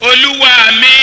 olúwa mi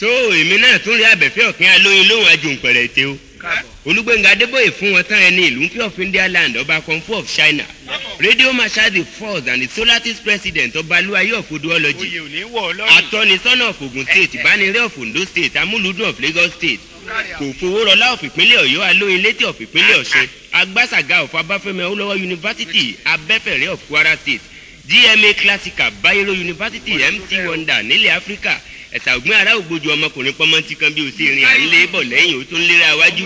tó èmi náà tún rí àbẹ̀fẹ́ ọ̀kín alóyin lóhùn ajohùnpẹ̀rẹ̀ ètè o olùgbẹ̀ngà adébóyè fún wọn tán ẹni ìlú pure of india land ọba kọ̀ǹfù of china radio marshal the first and the solatist president ọba luaye of oduology atọ́nisọ́nà of ogun state ìbánirẹ́ of ondo state amúlùdùn of lagos state kò fowó rọlá of ìpínlẹ̀ ọ̀yọ́ alóyin létí of ìpínlẹ̀ ọ̀ṣun agbásàgà of abáfẹ́mi olówó university abẹ́fẹ̀rẹ́ of kwara state gma classical bayero university mt wonder nílẹ̀ áfíríkà ẹ̀ta ògbìn ará ògbójú ọmọkùnrin pọ́nmọ́ntì kan bí o sì rìn àyílé bọ̀ lẹ́yìn o tún léra wájú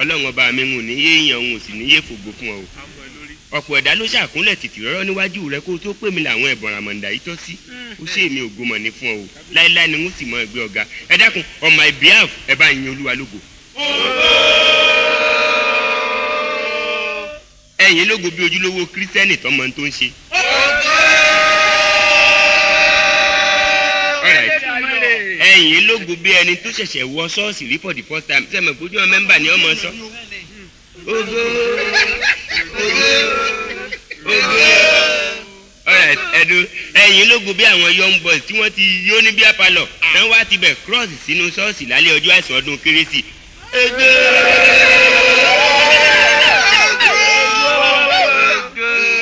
ọlọ́run ọba mi ń ní yé yan òun sì ní yé fògbó fún ọ o ọ̀pọ̀ ẹ̀dá ló ṣàkúnlẹ̀ tìtì rọ́rọ́ níwájú rẹ kó o tó pè mí làwọn ẹ̀bọ̀n àmọ̀ǹdà yìí tọ́ sí hmm. ó ṣe èmi ògo mọ̀ ní fún ọ o láéláé ni wọ́n sì mọ ẹgbẹ́ ọ̀gá ẹ dákun on my behalf ẹ bá yin olúwa lógo. ẹ̀yin lógo bí ojúlówó kírísítẹ́nì tọ́mọ tó ẹ̀yìn lógun bí ẹni tó ṣẹ̀ṣẹ̀ wọ ṣọ́ọ̀ṣì rí for the first time ṣe mọ̀ pójú ọmọ mẹ́mbà ni ọmọ sọ. ogo ogo ogo alright ẹ̀dùn ẹ̀yìn lógun bí àwọn young boys tí wọ́n ti yó ní bíá palọ̀ náà wá tibẹ̀ cross sínú ṣọ́ọ̀ṣì lálẹ́ ọjọ́ àìsàn ọdún kérésì. ogo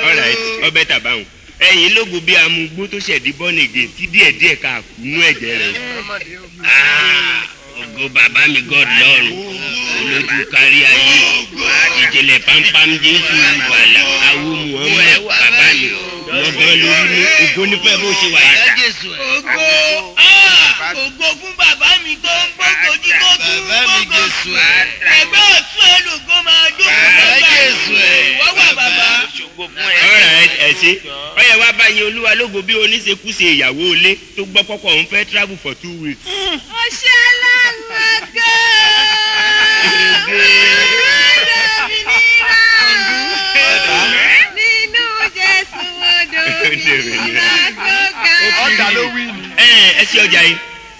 alright ọbẹ̀ tàbáwọn ẹ̀yin lógo bí amugbó tó ṣẹ̀dí bọ́nìgè tí díẹ̀díẹ̀ ká nú ẹ̀jẹ̀ rẹ̀ ah, ògo bàbá mi god lọ́run olójú kárí ayé ìjìnlẹ̀ pampam jésù wàlà awo muhammed bàbá mi lọ́gán lórí mi ògo nípẹ́ bó ṣe wà yàtà. ògo ah, ògo fún bàbá mi tó ń gbógo jí tó tún gbógo ẹgbẹ́ ọ̀tún ẹ̀ lògo máa dókòó lọ́gbà wọ́n wà bàbá ẹ ṣe ọyẹ wa báyìí olúwa lógo bí oníṣekúṣe ìyàwó ilé tó gbọ́ kọ́kọ́ òun fẹ́ travel for two weeks. ó ṣe aláwọ̀ gan-an. ọjà ló wí ni. ẹ ẹ ṣe ọjà yìí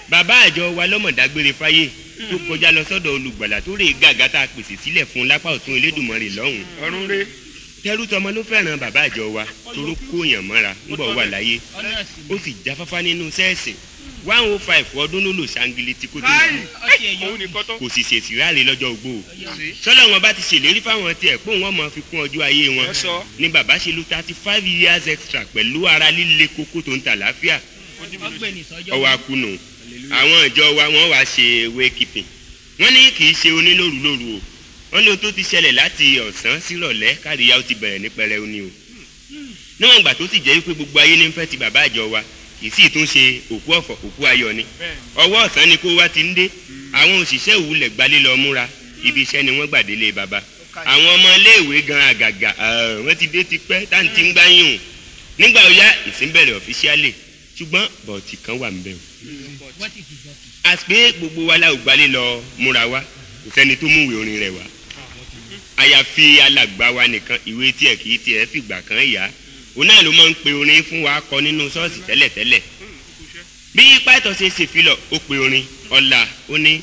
bàbá àjọ wa lọ́mọ̀dágbére fáyé tó kọjá lọ sọ́dọ̀ olùgbàlà tó rè gàgà pèsè sílẹ̀ fún lápá ọ̀tún elédùnmọ̀rè lọ́hùn. ọ̀run rè tẹrú tọmọ ló fẹ́ràn bàbá àjọ wa toró kóyàn mọ́ra ńgbọ̀ wà láyé ó sì jáfáfá nínú sẹ́ẹ̀sì one oh five ọdún ló lò sangili tí kò tó lò kò sì ṣèṣì ráàlì lọ́jọ́ ogbó sọ́lá wọn bá ti ṣèlérí fáwọn tiẹ̀ pé wọ́n máa fi kún ọjọ́ ayé wọn ni bàbá ṣe lo thirty five years extra pẹ̀lú ara líle kókó tó ń ta láfíà ọwọ́ akunu àwọn ìjọ wa wọ́n wá ṣe wake keeping wọ́n ní kì í ṣe onílòrúlòrú o wọ́n ní o tó ti ṣẹlẹ̀ láti ọ̀sán sírọ̀lẹ́ káàdìyà ó ti bẹ̀rẹ̀ ní pẹrẹu ni o níwọ̀n ìgbà tó sì jẹ́ wípé gbogbo ayé ní fẹ́ ti bàbá àjọ wa kì í sì tún ṣe òkú ọ̀fọ̀ òkú ayọ̀ ni ọwọ́ ọ̀sán ni kó wá ti ń dé àwọn òṣìṣẹ́ ìwúlẹ̀ gbalé lọ múra ibi iṣẹ́ ni wọ́n gbàdélé bàbá àwọn ọmọ iléèwé gan àgàgà eh, wọ́n ti dé tipẹ́ táǹtí ń gbáyìn nígbà ó ìsínbẹ̀rẹ̀ ọ̀fíṣíálì ṣùgbọ́n bọ̀ọ̀tì kan wà ń o àti pé gbogbo wa la ò gbalé lọ múra wa kò sẹ́ni tó múwèé orin rẹ̀ wá àyàfi alàgbà wa nìkan ìwé tiẹ̀ kì í tiẹ̀ fìgbà kan yá òun náà ló máa ń pe orin fún wa kọ nínú ṣọ́ọ̀ṣì tẹ́lẹ̀tẹ́lẹ̀ bí pàtó ṣe ṣèfilọ̀ ó pe orin ọ̀la ó ní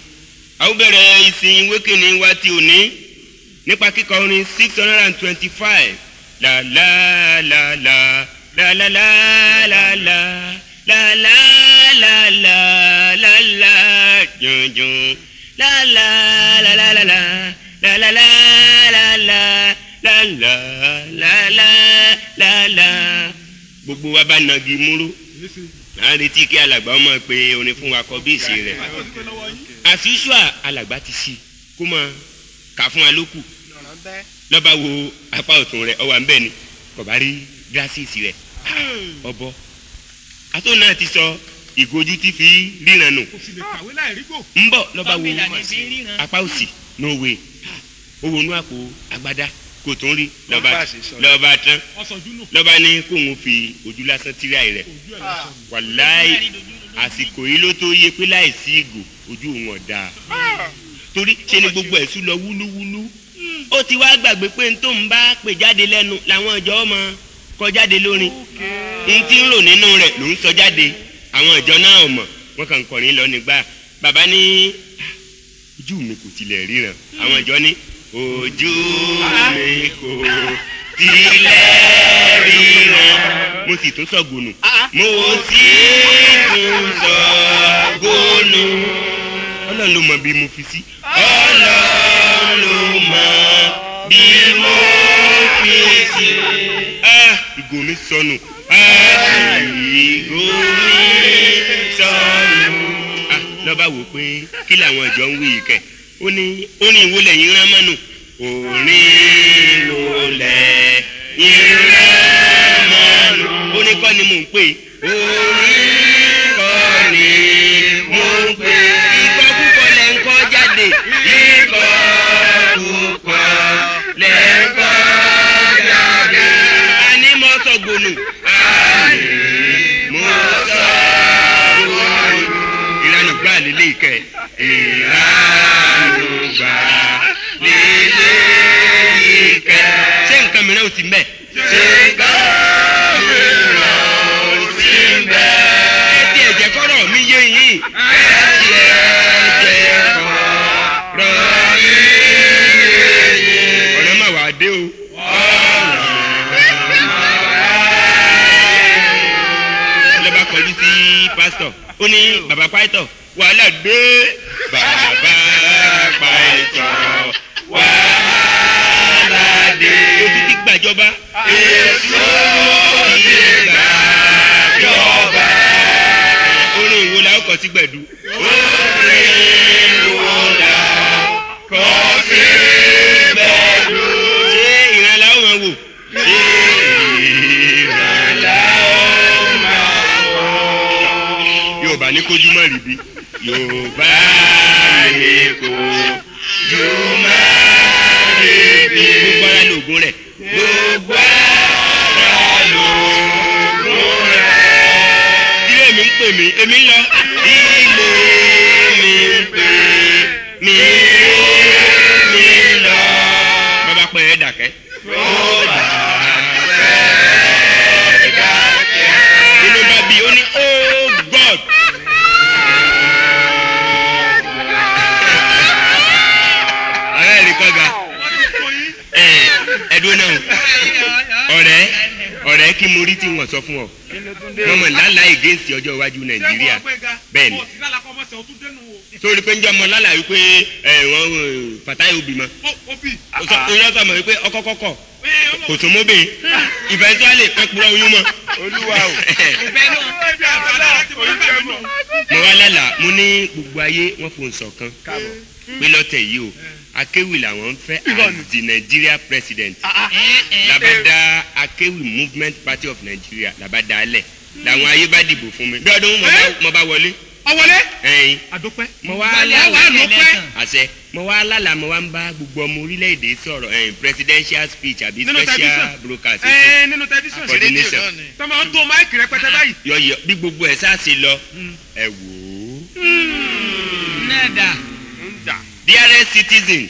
àwọn ìsìn wékìní wa ti òní nípa kíkọ orin six hundred and twenty five la la la la la la la la la la la la la la la la la la la la la la gbogbo wa bá nagi múró à ń retí kí alàgbà ọmọ pé orin fún wa kọ bíìsì rẹ àfíṣùà alàgbà ti si kó mọ kà fún wa lókù lọ́ba wo apá ọ̀tún rẹ ọwà ńbẹ ni kọ̀bá rí gírásìsì rẹ ah, ọbọ àtúntò náà ti sọ ìgójú ti fi ríran nù ń bọ̀ lọ́ba wo apá òsì n'òwe. No ó wọnú àpò agbádá kò tó ń rí lọ́ba lọ́ba tán lọ́ba ní kóun fi ojú lásán tíra rẹ̀ wàláì àsìkò yìí ló tó yẹ pé láì sí ìgò ojú òun ọ̀dà torí ṣe ni gbogbo ẹ̀sùn lọ wúlúwúlú ó ti wá gbàgbé pé tó ń bá pè jáde lẹ́nu làwọn ìjọ ọmọ kọ jáde lórin n ti rò nínú rẹ̀ ló ń sọ jáde àwọn ìjọ náà ò mọ̀ kàn kọrin lọ nígbà bàbá ní ah, ojú mi kò tilẹ̀ ríran hmm. àwọn ìjọ ní ojú mi kò tilẹ̀ ríran. mo sì tún sọ̀gùnù. mo sì tún sọ̀gùnù. ọlọ́run ló mọ bí mo fi sí. ọlọ́run ló mọ bí mo fi sí. ìgò mi sọnù. ìgò mi sọnù. lọ́ba wò pé kí làwọn ìjọ ń wí yìí ó ní orin ìwo lẹ́yìn rán mọ́nù. orin ìwo lẹ́yìn rán mọ́nù. ó ní kọ́ ni mò ń pè é. orin kọ́ ni mò ń pè é. púpọ̀ lẹ́ ń kọ́ jáde. ìkọ́ púpọ̀ lẹ́ ń kọ́ jáde. a ní mọ́ sọ̀gbọ̀nù. a ní mọ́ sọ̀gbọ̀nù. ìlànà gbáà lélẹ́yìí kẹ́ ìlànà gbà nílé ìkẹ́. ṣé nǹkan mìíràn ò ti mbẹ. ṣé nǹkan mìíràn ò ti mbẹ. ẹ ti ẹ̀jẹ̀ kọ́rọ̀ mi yé yín. ẹ ti ẹ̀jẹ̀ kọ́rọ̀ mi yé yín. ọ̀rẹ́ mà wá dé o. lọ́ba kọjú sí pásítọ̀ ó ní bàbá pásítọ̀ wàhálà dé. dọ̀tí gbẹ̀du. orí wòlá kọ́ sí gbẹ̀du. ṣé ìran la ó máa wò. ìran la ó máa wò. yorùbá ní kójú mọ́ rí bí. yorùbá ní kójú mọ́ rí bí. gbogbo ara ní ògùn rẹ̀. fẹ́ dákẹ́. ó bá fẹ́ dákẹ́. inú bá bí ó ní oh God. ọ̀rẹ́ rí kọ́ga ẹ̀ẹ́dúró náà ọ̀rẹ́ ọ̀rẹ́ kí mo rí tí wọ́n sọ fún ọ wọ́n mọ̀ lálàá against ọjọ́ iwájú nàìjíríà bẹ́ẹ̀ ni sórí pé ń jẹ́ ọmọ lálàá wípé ẹ̀ wọ́n Fatai obì mọ́ irọ́ sàmọ̀ wípé ọkọ kọ́kọ́ kò tún mọ́bìnrin eventually wọ́n purọ́ oyún mọ́. olúwa o mo wá lálà mo ní gbogbo ayé wọ́n fò ń ṣọ̀kan pé lọ́tẹ̀ yìí o akéwì làwọn ń fẹ́ as Nigeria president ah, ah. eh, eh. labada akéwì movement party of Nigeria labada alẹ̀ làwọn ayé bá dìbò fún mi bí ọdún mo bá eh? wọlé ọwọlé. ẹyin adúpẹ́. mo wá lálà àṣẹ mo wá lálà mo wá ń bá gbogbo ọmọ orílẹ̀-èdè sọ̀rọ̀ ẹyin presidential speech àbí special broadcast ẹ nínú tẹlifíṣàn ṣe rédíò náà ni tọmọ ń tó máìkì rẹpẹtẹ báyìí. Ah, yọyọ bí gbogbo ẹ sáàsì lọ hmm. ẹ wò ó. Hmm. nẹ́ẹ̀dà. dearest citizen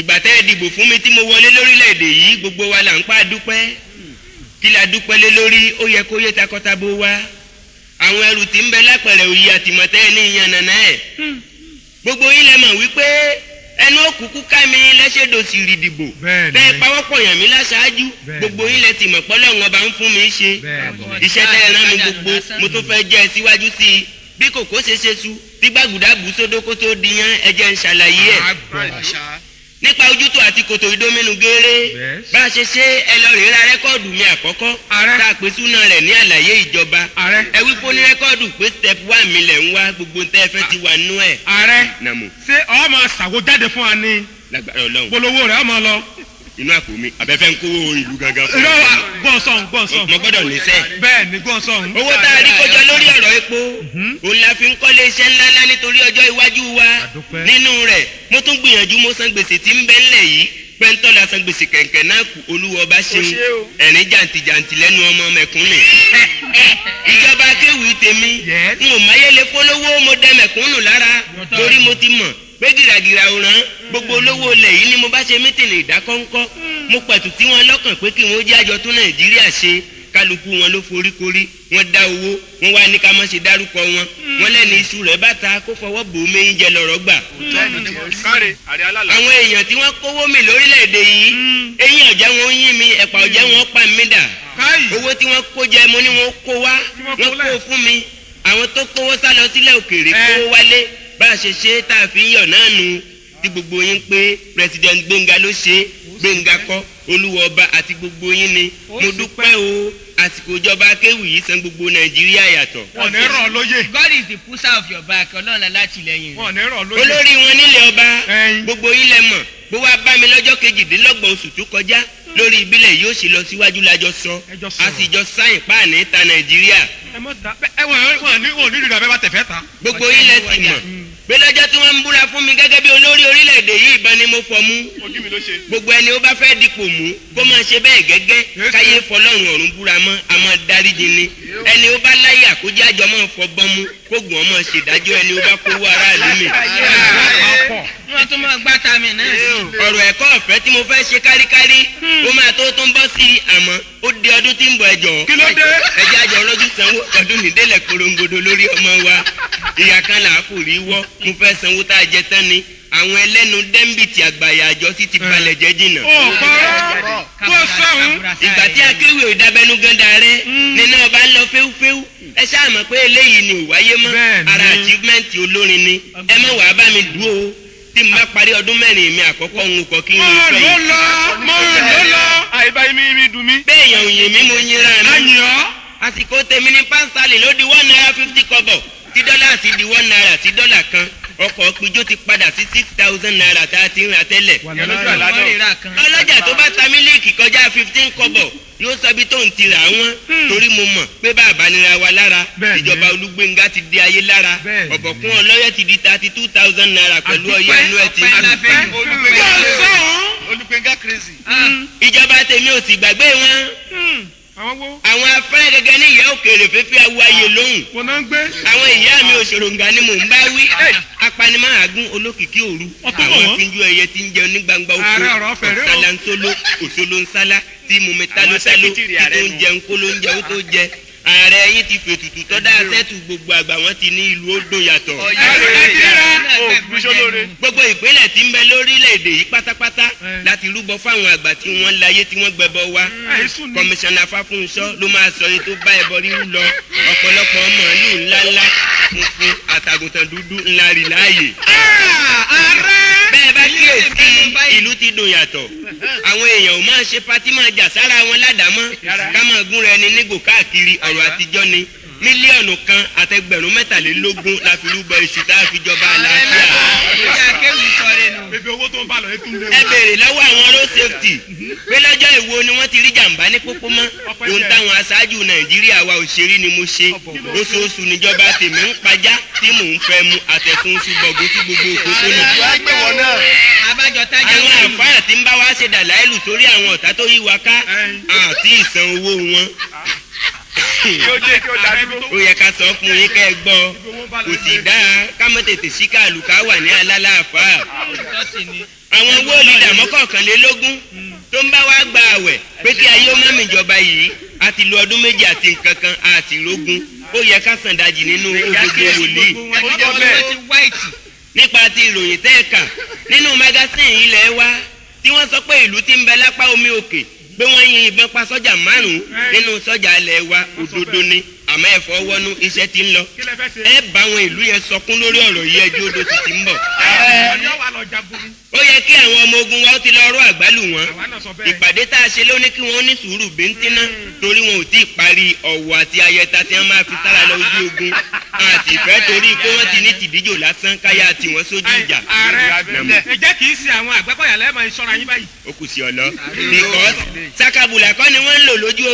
ìgbà tẹ́ ẹ dìbò fún mi tí mo wọlé lórílẹ̀-èdè yìí gbogbo wa là ń pa dúpẹ́ hmm. kí la dúpẹ́ lé lórí ó yẹ kó yé takọ́tabo wa àwọn ẹrù tí ń bẹ lápẹ̀rẹ̀ òyì àtìmọ̀tẹ́ ní ìyànnànà ẹ̀ hmm. gbogbo ilẹ̀ mọ̀ wípé ẹnu òkùnkùn ká mi lẹ́sẹ̀dọ̀ sì rì dìbò bẹ́ẹ̀ pawọ́pọ̀ yàn mí láṣáájú gbogbo ilẹ̀ tì mọ̀ pọ́lọ́ wọn bá ń fún mi ṣe iṣẹ́ tẹ́ ẹ rán mi gbogbo mo tún fẹ́ jẹ́ ẹ síwájú sí i bí kòkó ṣe ṣe su bí gbàgùdà bù di yán ẹ jẹ́ ń ṣàlàyé ẹ̀ nípa ojútùú àti kòtò ìdómínú gééré bá a ṣe ṣe ẹ lọ rí ra rẹ́kọ́ọ̀dù mi àkọ́kọ́ tá a pè súná rẹ̀ ní àlàyé ìjọba ẹ wí pé ní rẹ́kọ́ọ̀dù pé step one mi lẹ̀ ń wá gbogbo tẹ́ ẹ fẹ́ ti wà nú ẹ̀. ààrẹ ṣé ọ máa ṣàwó jáde fún wa ní. polówó rẹ ọ máa lọ inú àpò mi àbẹ̀fẹ́ ń kówó ìlú gangan fún mi. lọ́wọ́ ah, gbọ́nsọ̀n gbọ́nsọ̀n. mo gbọ́dọ̀ níṣẹ́. bẹ́ẹ̀ ni gbọ́nsọ̀n. owó tá a rí kọjọ lórí ọ̀rọ̀ epo mhm. òun la fi ń kọ́lé iṣẹ́ ńláńlá nítorí ọjọ́ iwájú wa nínú rẹ̀ mo tún gbìyànjú mo san gbèsè tí ń bẹ ńlẹ̀ yìí pẹ́ńtọ́ la san gbèsè kẹ̀kẹ́ náà kù olúwa ọba ṣeun ẹ̀rín jàǹtìjàǹtì lẹ́nu ọmọ mẹ̀kúnnù ìjọba kéwì tèmi n ò máyẹ́lẹ́ méjìlàgìrà òràn gbogbo olówó ilẹ̀ yìí ni mo bá ṣe mítìnì ìdákọ́ńkọ́ mo pẹ̀tù tí wọ́n lọ́kàn pé kí wọ́n jẹ́ àjọ tó nàìjíríà ṣe kálukú wọn ló foríkorí wọ́n dá owó wọ́n wá ní ká má ṣe dárúkọ wọn wọ́n lẹ́nu iṣu rẹ̀ bá ta kó fọwọ́ bò mí jẹ lọ́rọ̀ gbà. àwọn èèyàn tí wọ́n kówó mi lórílẹ̀ yìí eyín ọ̀jẹ̀ wọn ń yín mi ẹ̀pà ọ̀jẹ̀ wọn pa mí dà owó tí wọ́n kó jẹ mo ní wọ́n kó wá wọ́n kó fún mi àwọn tó kówó sá lọ òkèèrè kówó wálé bá a ṣe ṣe tá a fi ń yọ̀ náà nu tí gbogbo yín pé president gbẹ̀ngà ló ṣe gbẹ̀ngà kọ́ olúwa ọba àti gbogbo yín ni mo dúpẹ́ o àsìkò ìjọba akéwì yìí san gbogbo nàìjíríà yàtọ̀. wọn ní ràn lóye. God is the pusher of your back ọlọ́run alátìlẹyìn. wọn ní ràn lóye. olórí wọn nílẹ̀ ọba gbogbo ilẹ̀ mọ̀ bó wá bá mi lọ́jọ́ kejìdínlọ́gbọ̀n oṣù tó kọjá lórí ìbílẹ̀ yóò ṣe lọ síwájú lájọ sọ a sì jọ sáyìn páàní ta nàìjíríà. ẹ wọ́n ní wọn bẹ́ẹ̀ bá tẹ̀fẹ́ ta. gbogbo ilẹ̀ ti mọ̀ pé lọ́jọ́ tí wọ́n ń búra fún mi gẹ́gẹ́ bí olórí orílẹ̀-èdè yìí ìbọn ni mo fọ mú. ojú mi ló ṣe. gbogbo ẹni ó bá fẹ́ dipò mú kó máa ṣe bẹ́ẹ̀ gẹ́gẹ́ káyé fọlọ́run ọ̀run búra mọ́ àmọ́ dáríjì ni ẹni ó bá láyé àkójá àjọ máa fọgbọ́n mú kó gùn ọmọ ṣèdájọ́ ẹni ó bá kówó aráàlú mi. wọ́n tún máa gbá ta mi náà. ọ̀rọ̀ ẹ̀kọ́ ọ̀fẹ́ tí mo fẹ́ ṣe káríkárí hmm. ó máa tó tún bọ́ sí i ó di ọdún tí ń bọ̀ ẹjọ́. kí àjọ ọlọ́dún sanwó ọdún nídélẹ̀ korongodo lórí ọmọ wa ìyá kan là á kò rí wọ́ mo fẹ́ sanwó tá a jẹ tán ni àwọn ẹlẹ́nu dẹ́mbìtì àgbàyà àjọ sì ti eh. balẹ̀ jẹ́ jìnnà. o kọ́rọ́ kó sọ̀hún. ìgbà tí akéwì ò dábẹ́nu gánda rẹ hmm. nínú ọba ń lọ fẹ́wúfẹ́wú ẹ ṣáà pé eléyìí ni ìwáyé mọ́ ara achievement olórin ni ẹ mọ̀ wàá bá mi dúró o tí n bá parí ọdún mẹ́rin mi àkọ́kọ́ ń kọ kí n fẹ́ yìí. mo lọ mo lọ lọ àìbá mi mi dùn mí. bẹ́ẹ̀ yàn òyìn mi mo yin ra mi. àyàn. àsìkò tèmi ni pásítálì ló di one naira fifty kọ́bọ̀ tí dọ́là sì di one naira sí dọ́là kan ọkọ̀ pijó ti padà sí six thousand naira tá a ti ń ra tẹ́lẹ̀. ọlọ́jà tó bá ta mílíìkì kọjá fifteen kọ́bọ̀ yóò sọbi tó ń tira wọn hmm. torí mo mọ̀ pé bàbá nira wa lára ìjọba olúgbénga ti di ayé lára ọ̀bọ̀kún ọlọ́yẹ ti di thirty two thousand naira pẹ̀lú ọyẹ inú ẹ̀ ti olúgbénga crazy. Hmm. ìjọba tèmi ò sì gbàgbé wọn hmm àwọn wo. àwọn afẹ́rẹ́ gẹ́gẹ́ ní ìyá òkèèrè fífi awo ayé lóhùn. kò náà ń gbé. àwọn ìyá mi òṣòròǹgà ni mò ń bá wí. apanimọ̀ àgún olókìkí òru. àwọn akínjú ẹyẹ ti ń jẹun ní gbangba oko. ààrẹ ọ̀rọ̀ fẹ̀rẹ̀ o. òsàlà ń solo òsolo ń sálá tí mùmí tálótáló tí tó ń jẹun kó ló ń jẹ ó tó jẹ ààrẹ yìí ti fètùtù tó dá sẹ́tù gbogbo àgbà wọn ti ní ìlú ó yàtọ̀. gbogbo ìpínlẹ̀ tí ń bẹ lórílẹ̀‐èdè yìí pátápátá láti rúbọ fáwọn àgbà tí wọ́n láyé tí wọ́n gbẹbọ wá. kọmíṣánná fáfúnṣọ́ ló máa sọ yìí tó bá ẹbọ rírú lọ ọ̀pọ̀lọpọ̀ màálù ńláńlá funfun àtàgùntàn dúdú ńlá rí láàyè. ààrẹ bẹ́ẹ̀ bá kí èsì ìlú ti dùn yàtọ̀ àwọn èèyàn ò máa ṣe patí máa jà sára wọn ládàámọ́ ká máa gúnra ẹni nígò káàkiri ọ̀rọ̀ àtijọ́ ni mílíọ̀nù kan àtẹgbẹ̀rún mẹ́tàlélógún la fi rúbọ iṣu tá a fi jọba àlàáfíà. ẹ béèrè lọ́wọ́ àwọn road safety pé lọ́jọ́ ìwo ni wọ́n ti rí jàǹbá ní pópó mọ́ ohun táwọn aṣáájú nàìjíríà wa òṣèré ni mo ṣe oṣooṣù níjọba tèmi ń pajá tí mò ń fẹ́ mu àtẹ̀kùn ṣùgbọ́gbó tí gbogbo òkú tó nà. àwọn àfáà tí ń bá wa ṣe dàláìlù sórí àwọn ọ̀tá tó yí wa ká àti ìsan owó wọn yóò jẹ́ kí ó dájú tó. ó yẹ ká sọ fún yín kẹ́ ẹ gbọ́ kò sì dáa ká mọ̀ tètè sí kàlù ká wà ní alálàáfà. àwọn owó olùdá mọ́kànlélógún tó ń bá wá gba àwẹ̀ pé kí ayé ó mẹ́mí ìjọba yìí a ti lo ọdún méjì àti nǹkan kan a ti rógun ó yẹ ká sàn dájì nínú gbogbo wòlíì. nípa ti ìròyìn tẹ́ẹ̀ka nínú magasin ilé wa tí wọ́n sọ pé ìlú ti ń bẹ lápá omi òkè pé wọ́n yin ìbọn pa sọ́jà márùn-ún nínú sọ́jà ilẹ̀ wa òdodo ni àmọ́ ẹ fọwọ́ nú iṣẹ́ ti ń lọ ẹ bá àwọn ìlú yẹn sọkún lórí ọ̀rọ̀ yìí ẹjọ́ odò ti ti ń bọ̀. ó yẹ kí àwọn ọmọ ogun wa ó ti lọ rọ àgbálù wọn ìpàdé tá a ṣe ló ní kí wọn ní sùúrù bíntíná hmm. torí wọn ò tí ì parí ọ̀wọ̀ àti ayẹta tí wọn máa fi sára lọ ojú ogun àti ìfẹ́ torí pé wọ́n ti ní tìdíjò lásán káyà tí wọ́n sójú ìjà. ààrẹ ẹ̀jẹ̀ kì í ṣe àwọn àgbẹ̀kọ̀yà lẹ́ẹ̀mọ̀ ìṣọ́ra yín báyìí. ó kù sí ọ lọ. because sakabula kọ́ ni wọ́n ń lò lójú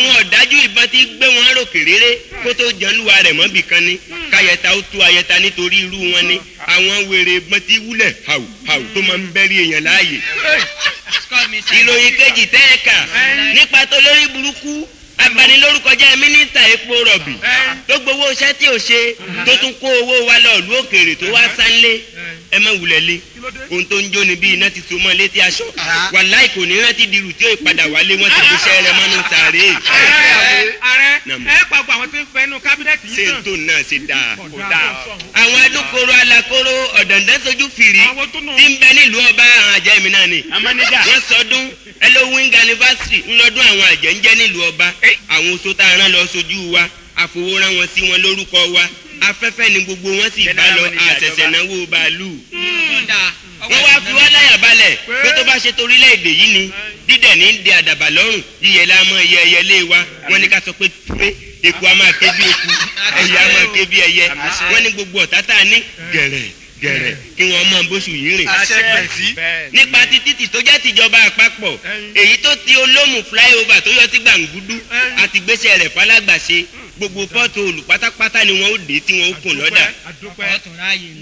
àwọn ọ̀dájú ìbọn ti gbé wọn ròkè réré kó tó jẹluwa rẹ̀ mọ́bì kan ni hmm. káyẹta ó tú ayẹta nítorí irú wọn ni hmm. àwọn wèrè ìbọn ti wúlẹ̀ hàù hàù tó máa ń bẹ́rí èèyàn láàyè. Hmm. ìròyìn kejì tẹ́ ẹ kà nípa tó lórí burúkú abanilórúkọjẹ́ mínísítà epo rọ̀bì tó gbowó iṣẹ́ tí ò ṣe tó tún kó owó wa lọ ìlú òkèèrè tó wá sánlé ẹ mọ̀ wulẹ̀ lé ohun tó ń jó ni bí iná ti so mọ́ létí aṣọ wàláì kò ní rántí dirù tí ó padà wálé wọ́n ti fiṣẹ́ rẹ mọ́nú sàárè. ààrẹ ẹ pàpọ̀ àwọn tí ń fẹ́ inú kábínẹ̀tì yìí tán. ṣé tó náà ṣe dáa kò dáa. àwọn adókòrò alakóró ọ̀dàǹdà sojú fìrí tí ń bẹ nílùú ọba àwọn àjẹ́ mi náà ni. wọ́n sọdún ẹlòwìn ganivasiri ńlọdún àwọn àjẹ́ ń jẹ́ nílùú ọba. ẹ ẹ́ àwọn oṣù tá a rán lọ sójú wa àfowórán wọn sí wọn lórúkọ wa afẹ́fẹ́ ni gbogbo wọn sì bá lọ àtẹ̀tẹ̀ náwó bàálù. wọ́n wá fi wá láyà balẹ̀ pé tó bá ṣe torílẹ̀-èdè yìí ni dídẹ̀ ní di àdàbà lọ́rùn yíyẹ la ẹyẹ ẹyẹ lé wa wọ́n ní ká sọ pé pé eku a máa ké bí eku ẹyẹ a máa ké bí ẹyẹ wọ́n ní gbogbo ọ̀tá tá a ní gẹ̀rẹ̀ gẹ̀rẹ̀ kí wọ́n mọ bóṣù yìí rìn. àṣẹgbẹ̀tì. nípa ti títì tó jẹ́ tìjọba àpapọ̀ èyí tó ti olómù flyover tó yọ sí gbàǹgúdú àti gbèsè rẹ̀ falágbàṣe hmm. gbogbo pọ́ọ̀tù olùpátápátá ni wọ́n ó dé tí wọ́n ó kùn lọ́dà.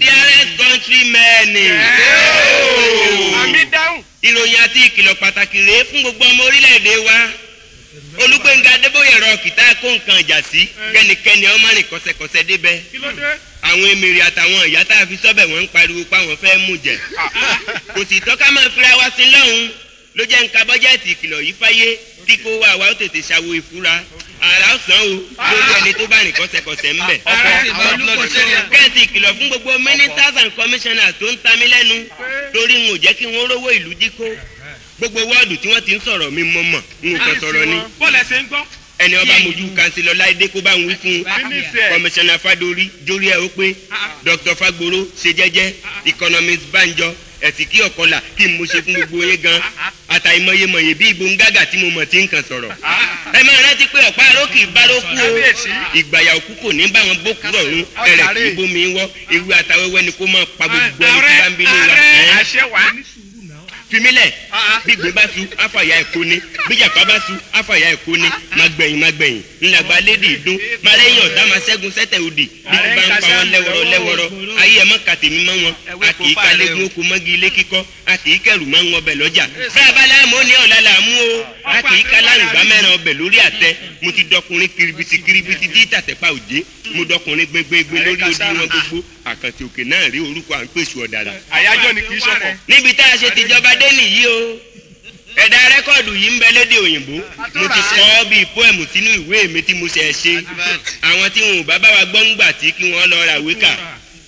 dearest country àmì dáhùn. ìròyìn àti ìkìlọ̀ pàtàkì rèé fún gbogbo ọmọ orílẹ̀-èdè wa olùgbẹ̀ngà adébóyè rọ kìtà kó nǹkan ìjà sí kẹ́nikẹ́ni ọmọ rìn kọsẹ̀kọsẹ̀ débẹ̀ àwọn emèrè àtàwọn ìyá tá a fi sọ́bẹ̀ wọ́n ń pariwo pa wọ́n fẹ́ mú jẹ kò sì tọ́ka máa fira wá sí lọ́hùn ló jẹ́ nǹkan bọ́jẹ́ẹ̀tì ìkìlọ̀ yìí fáyé tí kò wá wa ó tètè ṣàwo ìfura ara sàn o lórí ẹni tó bá rìn kọ́sẹ̀kọ́sẹ̀ ń bẹ̀. kẹ́ẹ̀sì ìkìlọ̀ fún gbogbo ministers and commissioners tó ń ta mí lẹ́nu torí n ò jẹ́ kí wọ́n rówó ìlú díkó gbogbo wọ́ọ̀dù tí wọ́n ti ń sọ̀rọ̀ mi mọ̀mọ̀ n ò kàn sọ̀rọ̀ ni. bọ́ọ̀lù ẹ̀sẹ̀ ń gbọ́ ẹni ọba mojú kansilọ láìdé kó bá ń wí fún kọmíṣánná fadori jórí ẹ ó pé ah, ah. dr fagboro ṣe jẹ́jẹ́ ah, economist banjo ẹsì kí ọkọlà kí n mo ṣe fún gbogbo yẹn gan àtàìmọye mọye bí ibo ń gágà tí mo mọ tí ń kàn sọ̀rọ̀. ẹ máa rántí pé ọ̀pá àrókì ìbárókù o ìgbàyà òkú kò ní bá wọn bókú rọ̀rùn ẹ̀rẹ̀ kí bomi wọ́ ewu àtàwẹ́wẹ́ ni kó máa pa gbogbo ẹni tí bá ń bínú wa fimilẹ ah, ah. bí gbé bá su afàyà ẹkọ ni bí jàpá bá su afàyà ẹkọ ni má gbẹ̀yìn má gbẹ̀yìn ńlàgbà lédi ìdún má lẹ́yìn ọ̀tá má ṣẹ́gun sẹ́tẹ̀ òdì bí ti bá ń pa wọn lẹ́wọ̀rọ̀ lẹ́wọ̀rọ̀ ayé ẹ̀ má kàtẹ́mí mọ́ wọn àkìí kalẹ́gun ó kó mọ́gi ilé a kì í kẹrù máa ń ọbẹ̀ lọ́jà bá a bá láàmú ó ní ọ̀la làámú o a kì í ká láǹgbá mẹ́rin ọbẹ̀ lórí àtẹ mo ti dọkùnrin kiribiti kiribiti dí tàtẹ́pá òjé mo dọkùnrin gbẹgbẹgbẹ lórí odi wọn gbogbo àkàtì òkè náà rí orúkọ à ń pèsè ọ̀dàlà. àyájọ́ ni kì í sọ̀kọ̀. níbi tá a ṣe tìjọba dé nìyí o ẹ̀dá rẹ́kọ̀dù yìí ń bẹ lédè òyìnbó mo ti sọ ọ́ bíi poem sínú ìwé mi tí mo ṣe ṣe àwọn tí wọn ò bá bá wa gbọ́ ń gbà tí kí wọ́n lọ ra wíkà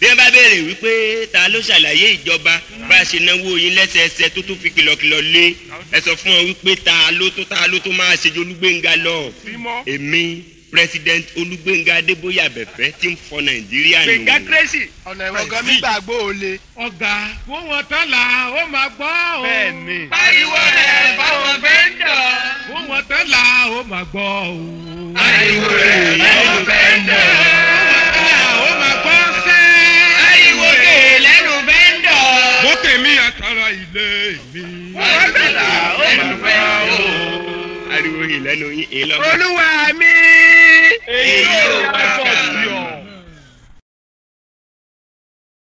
bí wọn bá béèrè wípé ta ló ṣàlàyé ìjọba bá a ṣe náwó yín lẹ́sẹẹsẹ tó tún fi kìlọ̀kìlọ̀ lé ẹ sọ fún wọn wípé ta ló tó ta ló tó máa ṣèjọ olúgbénga lọ èmi president olúgbénga adébóyè abẹ́fẹ́ tí ń fọ nàìjíríà nù. gbẹ̀ngà kírẹ́sì ọ̀nà ẹ̀wọ̀n gan mi gbàgbọ́ o le. ọ̀gá wo wọn tán là ó máa gbọ́ o. bẹ́ẹ̀ni. pariwo rẹ̀ fáwọn fẹ́ńdọ̀. wo wọn tán là ó máa gbọ́ o. pariwo rẹ̀ fáwọn fẹ́ńdọ̀. àtàrà ilé mi. wọ́n ó máa pẹ́ o. ariwo ìlẹ́nu yín olúwa mi. èyí ò bá sọ̀rọ̀.